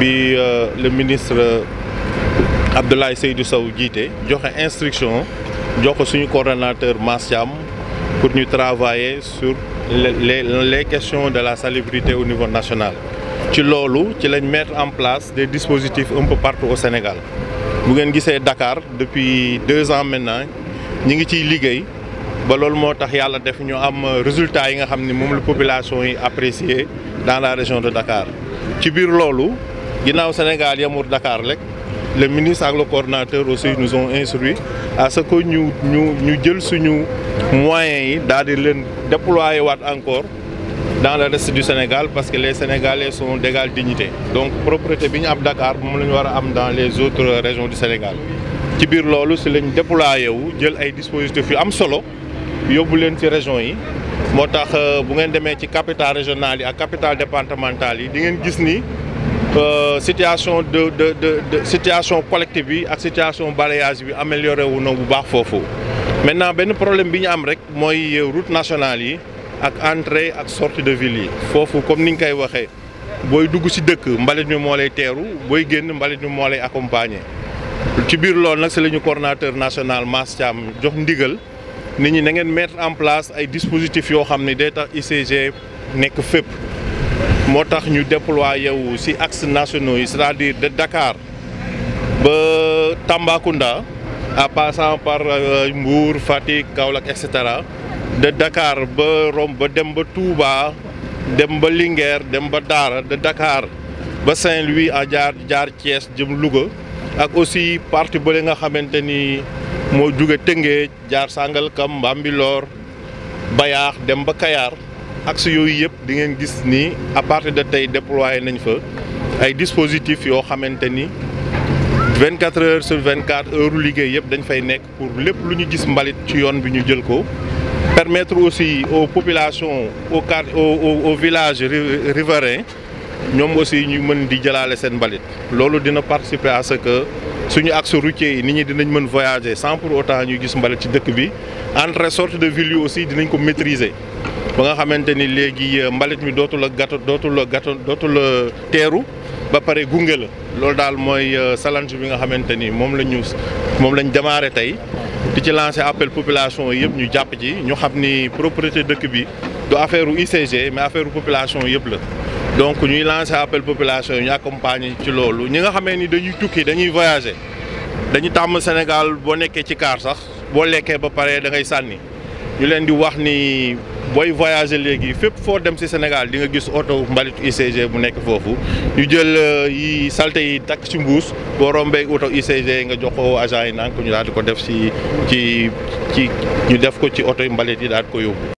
bi euh, le ministre euh, Abdoulaye Seydou Sow Djité joxe instruction jox ko suñu coordonnateur Massiam pour nous travailler sur les les questions de la salubrité au niveau national. ci lolu ci lañ mettre en place des dispositifs un peu partout au Sénégal bu ngeen gisee Dakar depuis deux ans maintenant ñi ngi ci liguey ba lolu motax yalla def ñu am euh, résultat yi nga xamni mom la population yi apprécier dans la région de Dakar ci biir lolu au Sénégal Yamour Dakar le ministre ak le coordonnateur aussi nous ont instruit à ce que nous ñu ñu jël suñu moyens d'aller les déployer encore dans le reste du Sénégal parce que les Sénégalais sont d'égale dignité donc propreté propriété ñu Dakar moom dans les autres régions du Sénégal ci biir loolu si lañ déployé wu jël ay dispositifs yu am solo yóbbu leen ci région yi moo tax euh, bu ngeen demee ci capital régional yi ak capital départemental yi di ni euh, situation de de de situation collective bi ak situation balayage bi amélioré non na bu baax foofu. maintenant problème bi ñu am rek moy euh, route nationale yi ak entrée ak sortie de ville yi comme ni nga waxé boy dugg ci deuk mbalit ñu moo lay teeru booy génn mbalit mi moo lay accompagner. ci bir lool nak c'est la national Mass jox ndigal nit ñi na ngeen mettre en place ay dispositifs yo xamni data tax ICG nek fep moo tax ñu déployé wu ci axes nationaux yi c'est-à-dire de Dakar ba Tambacounda en passant par euh, Mbour Fatick Kaolack et cetera de Dakar ba Rome ba dem ba Touba dem ba Linguère dem ba Daara de Dakar ba Saint-Louis a jaar jaar Thiès jëm Louga ak aussi parti bële nga xamante ni moo jóge Tëngéej jaar Sangalkam Bambilor Bayaax dem ba Kayaar axe yooyu yëpp di ngeen gis ni à partir de tay déployer nañ fa ay dispositifs yo xamanteni 24 heures sur 24 heures liggéey yëpp dañ fay nek pour les luñu gis mbalit ci yoon bi ñu jël ko. permettre aussi aux populations aux au au villages riverains ñom aussi ñu mën di jëlaale sen mbalit lolu dina participer à ce que suñu axe routier yi nit ñi dinañ mën voyager sans pour autant ñu gis mbalit ci dëkk bi Entre sorte de ville aussi dinañ ko maîtriser ba nga xamanteni légui euh, mbalit mi dotul a gàtt dotul a gàtt dootul a teeru ba paré gungé la lool dal moy euh, challenge bi nga xamanteni mom moom la ñu moom lañ démarré tey di ci lancer appel population yëpp ñu japp ci ñu xamni propriété dëkk bi du affaire u ICG mais affaire population yëpp la donc ñuy lancer appel population yi ñu accompagner ci loolu ñi nga xamee ni dañuy tukki dañuy voyager dañu tàmm Sénégal boo nekkee ci kaar sax boo lekkee ba pare da sànni ñu leen di wax ni booy voyager léegi fépp foo dem ci Sénégal di nga gis oto mbalitu ICG bu nekk foofu ñu jël euh, yi salte yi takk ci mbuus boo rombee oto ICG nga jox ko agent yi naan ko ñu daal ko def ci ci ci ñu def ko ci oto yi mbalit yi daat ko yóbbu.